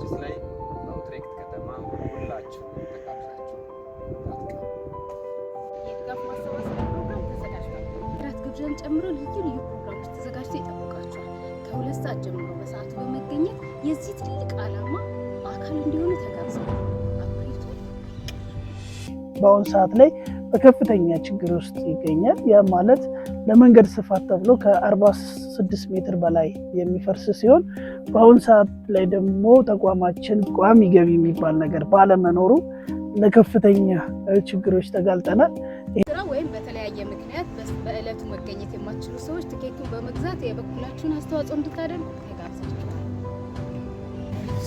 ዝግጅት ላይ በውትሬክት ከተማ ሁላችሁ ተጋብዛችሁ ፕሮግራም ግብዣን ጨምሮ ልዩ ልዩ ፕሮግራሞች ተዘጋጅቶ ይጠብቃችኋል። ከሁለት ሰዓት ጀምሮ በሰዓቱ በመገኘት የዚህ ትልቅ ዓላማ አካል እንዲሆኑ ተጋብዘዋል። በአሁኑ ሰዓት ላይ በከፍተኛ ችግር ውስጥ ይገኛል። ያ ማለት ለመንገድ ስፋት ተብሎ ከ46 ሜትር በላይ የሚፈርስ ሲሆን በአሁን ሰዓት ላይ ደግሞ ተቋማችን ቋሚ ገቢ የሚባል ነገር ባለመኖሩ ለከፍተኛ ችግሮች ተጋልጠናል። ወይም በተለያየ ምክንያት በእለቱ መገኘት የማትችሉ ሰዎች ትኬቱን በመግዛት የበኩላችሁን አስተዋጽኦ እንድታደርጉ ተጋብዛችኋል።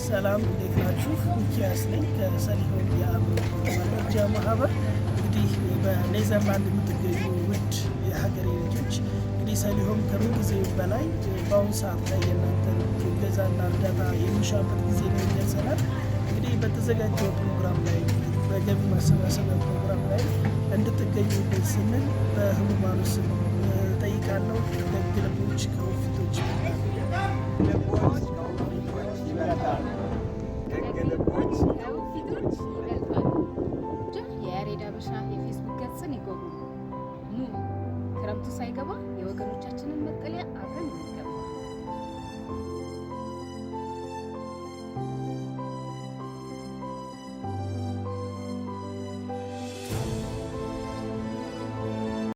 ሰላም፣ እንዴት ናችሁ? ሚኪያስ ነኝ ከሰሊሆን የአብ መርጃ ማህበር እንግዲህ በኔዘርላንድ የምትገኙ ውድ የሀገሬ ልጆች እንግዲህ ሰሊሆም ከምን ጊዜ በላይ በአሁኑ ሰዓት ላይ የእናንተን ገዛና እርዳታ የሚሻበት ጊዜ ነው ይደርሰናል። እንግዲህ በተዘጋጀው ፕሮግራም ላይ በገቢ ማሰባሰቢያ ፕሮግራም ላይ እንድትገኙበት ስንል በህሙማኑ ስም ጠይቃለሁ። ደግለቦች ከውፊቶች ሳይገባ የወገኖቻችንን